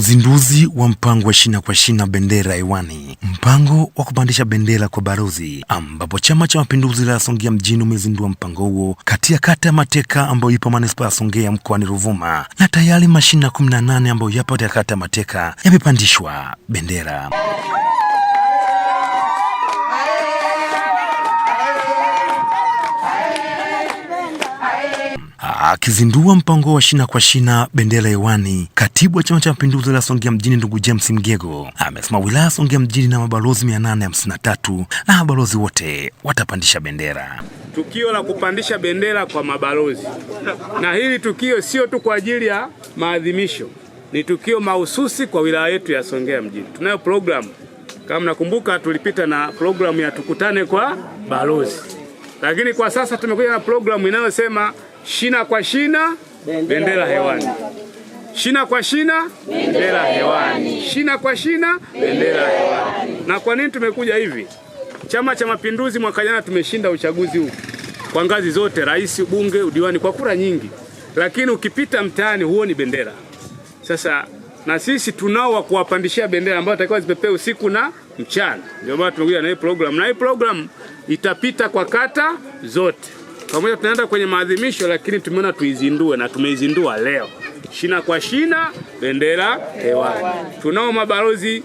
Uzinduzi wa mpango wa shina kwa shina bendera hewani, mpango wa kupandisha bendera kwa barozi ambapo Chama cha Mapinduzi la Songea mjini umezindua mpango huo kati ya kata ya Mateka ambayo ipo manispaa ya Songea mkoani Ruvuma, na tayari mashina 18 ambayo yapo katika kata ya Mateka yamepandishwa bendera. Akizindua mpango wa shina kwa shina bendera hewani, katibu wa Chama cha Mapinduzi la Songea mjini ndugu James Mgego amesema wilaya Songea mjini na mabalozi 853 na mabalozi wote watapandisha bendera. Tukio la kupandisha bendera kwa mabalozi, na hili tukio sio tu kwa ajili ya maadhimisho, ni tukio mahususi kwa wilaya yetu ya Songea mjini. Tunayo programu kama mnakumbuka, tulipita na programu ya tukutane kwa balozi, lakini kwa sasa tumekuja na programu inayosema Shina kwa shina, bendera hewani. Shina kwa shina, bendera hewani. Shina kwa shina, bendera hewani. Na kwa nini tumekuja hivi? Chama cha Mapinduzi mwaka jana tumeshinda uchaguzi huu kwa ngazi zote, rais, bunge, udiwani, kwa kura nyingi, lakini ukipita mtaani huoni bendera. Sasa na sisi tunao wa kuwapandishia bendera ambao takiwa zipepee usiku na mchana. Ndio maana tumekuja na hii program, na hii program itapita kwa kata zote pamoja tunaenda kwenye maadhimisho, lakini tumeona tuizindue na tumeizindua leo, shina kwa shina, bendera hewani. Tunao mabalozi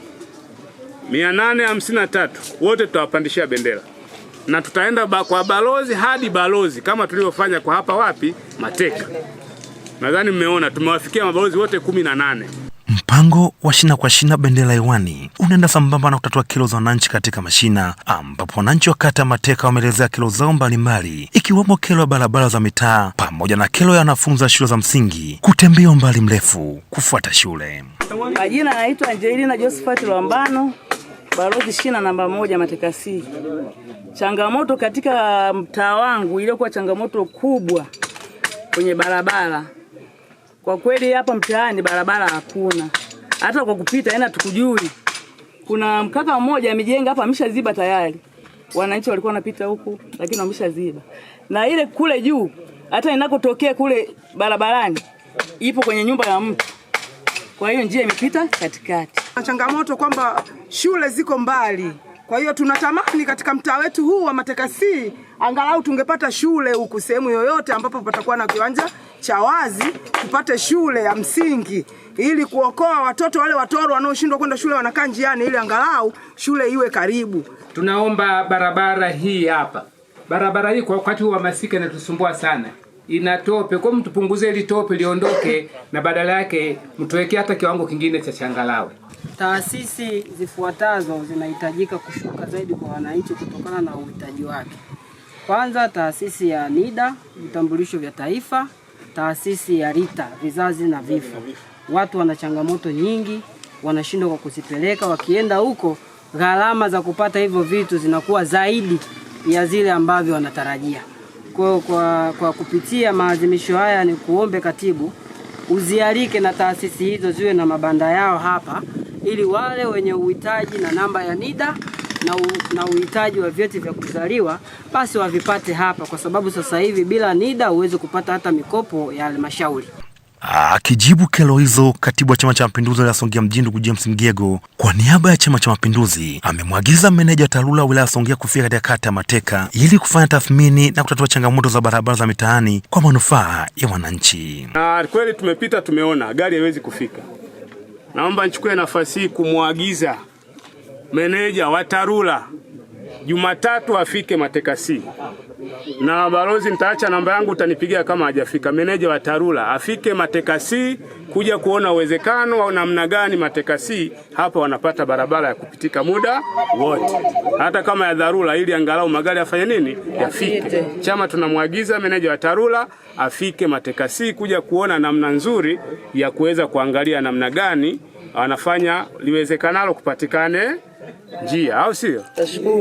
853 wote tutawapandishia bendera na tutaenda ba kwa balozi hadi balozi kama tulivyofanya kwa hapa wapi Mateka. Nadhani mmeona tumewafikia mabalozi wote kumi na nane. Mpango wa shina kwa shina bendera hewani unaenda sambamba na kutatua kilo za wananchi katika mashina, ambapo wananchi wa kata ya Mateka wameelezea kilo zao mbalimbali, ikiwemo kero ya barabara za mitaa pamoja na kero ya wanafunzi wa shule za msingi kutembea umbali mrefu kufuata shule. Majina anaitwa Angelina Josephat Lwambano, balozi shina namba moja Mateka C. Changamoto katika mtaa wangu iliyokuwa changamoto kubwa kwenye barabara kwa kweli hapa mtaani barabara hakuna, hata kwa kupita tena tukujui. Kuna mkaka mmoja amejenga hapa, ameshaziba tayari, wananchi walikuwa wanapita huku, lakini wameshaziba. Na ile kule juu, hata inakotokea kule barabarani, ipo kwenye nyumba ya mtu, kwa hiyo njia imepita katikati. Changamoto kwamba shule ziko mbali kwa hiyo tunatamani katika mtaa wetu huu wa Matekasi angalau tungepata shule huku sehemu yoyote ambapo patakuwa na kiwanja cha wazi tupate shule ya msingi ili kuokoa watoto wale watoro wanaoshindwa kwenda shule wanakaa njiani, ili angalau shule iwe karibu. Tunaomba barabara hii hapa, barabara hii kwa wakati wa masika inatusumbua sana, ina tope. Kwa mtupunguze ili tope liondoke, na badala yake mtuwekee hata kiwango kingine cha changalawe. Taasisi zifuatazo zinahitajika kushuka zaidi kwa wananchi kutokana na uhitaji wake. Kwanza, taasisi ya NIDA vitambulisho vya taifa taasisi ya Rita vizazi na vifo. Watu wana changamoto nyingi, wanashindwa kwa kuzipeleka. Wakienda huko, gharama za kupata hivyo vitu zinakuwa zaidi ya zile ambavyo wanatarajia. Kwa, kwa, kwa kupitia maadhimisho haya ni kuombe katibu uzialike na taasisi hizo ziwe na mabanda yao hapa, ili wale wenye uhitaji na namba ya NIDA na, u, na uhitaji wa vyeti vya kuzaliwa basi wavipate hapa, kwa sababu sasa hivi bila NIDA huwezi kupata hata mikopo ya halmashauri. Akijibu kero hizo, katibu wa Chama cha Mapinduzi wilaya Songea mjini ndugu James Mgego kwa niaba ya Chama cha Mapinduzi amemwagiza meneja wa TARURA wilaya Songea kufika katika kata ya Mateka ili kufanya tathmini na kutatua changamoto za barabara za mitaani kwa manufaa ya wananchi. Na kweli tumepita, tumeona gari haiwezi kufika. Naomba nichukue nafasi hii kumwagiza meneja wa TARURA Jumatatu afike Matekasi na balozi, nitaacha namba yangu, utanipigia kama hajafika. Meneja wa TARURA afike Matekasi kuja kuona uwezekano au namna gani Matekasi hapa wanapata barabara ya kupitika muda wote, hata kama ya dharura, ili angalau magari afanye nini, yafike. Chama tunamwagiza meneja wa TARURA afike Matekasi kuja kuona namna nzuri ya kuweza kuangalia namna gani wanafanya liwezekanalo kupatikane njia, au sio?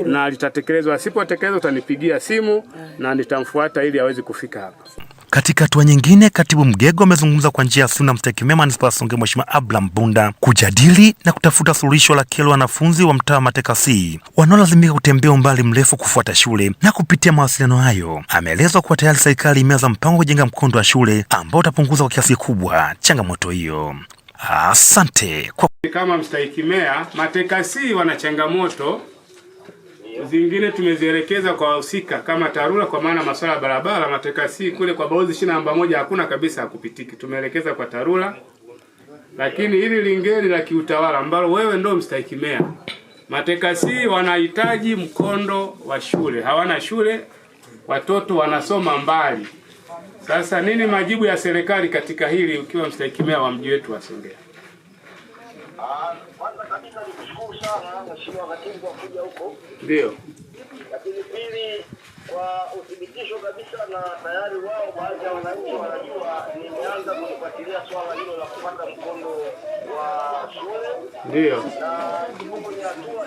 Na litatekelezwa. Asipotekelezwa utanipigia simu na nitamfuata ili aweze kufika hapa. Katika hatua nyingine, katibu Mgego amezungumza kwa njia ya simu na mstahiki mema manispaa ya Songea Mheshimiwa Abraham Bunda kujadili na kutafuta suluhisho la kero wanafunzi wa mtaa wa Mateka C wanaolazimika kutembea umbali mrefu kufuata shule. Na kupitia mawasiliano hayo, ameelezwa kuwa tayari serikali imeanza mpango wa kujenga mkondo wa shule ambao utapunguza kwa kiasi kikubwa changamoto hiyo. Asante kwa... kama mstahiki meya, si wana changamoto zingine tumezielekeza kwa wahusika kama TARURA kwa maana masuala ya barabara. si kule kwa balozi ishirini namba moja hakuna kabisa hakupitiki, tumeelekeza kwa TARURA. Lakini hili lingeni la kiutawala ambalo wewe ndio mstahiki meya, si wanahitaji mkondo wa shule, hawana shule, watoto wanasoma mbali. Sasa nini majibu ya serikali katika hili, ukiwa mstahiki meya wa mji wetu wa Songea? Kwanza kabisa nikushukuru sana mheshimiwa katibu wa kuja huko, ndio. Lakini pili, kwa uthibitisho kabisa, na tayari wao baadhi ya wananchi wanajua, nimeanza kulifuatilia swala hilo la kupata mkondo wa shule, ndio, na ni hatua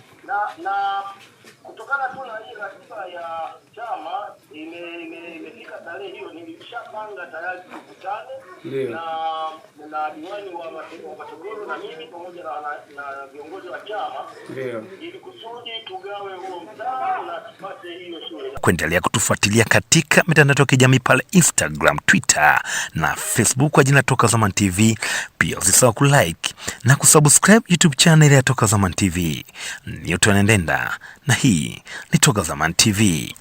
na na kutokana tu na hii ratiba ya chama imefika tarehe hiyo, nilishapanga tayari tukutane na na diwani wa Matogoro na mimi pamoja na viongozi wa chama, ili kusudi tugawe huo mtaa na tupate hiyo shule. Kuendelea kutufuatilia katika mitandao ya kijamii pale Instagram, Twitter na Facebook kwa jina Toka Zamani TV. Pia usisahau kulike na kusubscribe YouTube channel ya Toka Zamani TV. Newton Ndenda na hii ni Toka Zamani TV.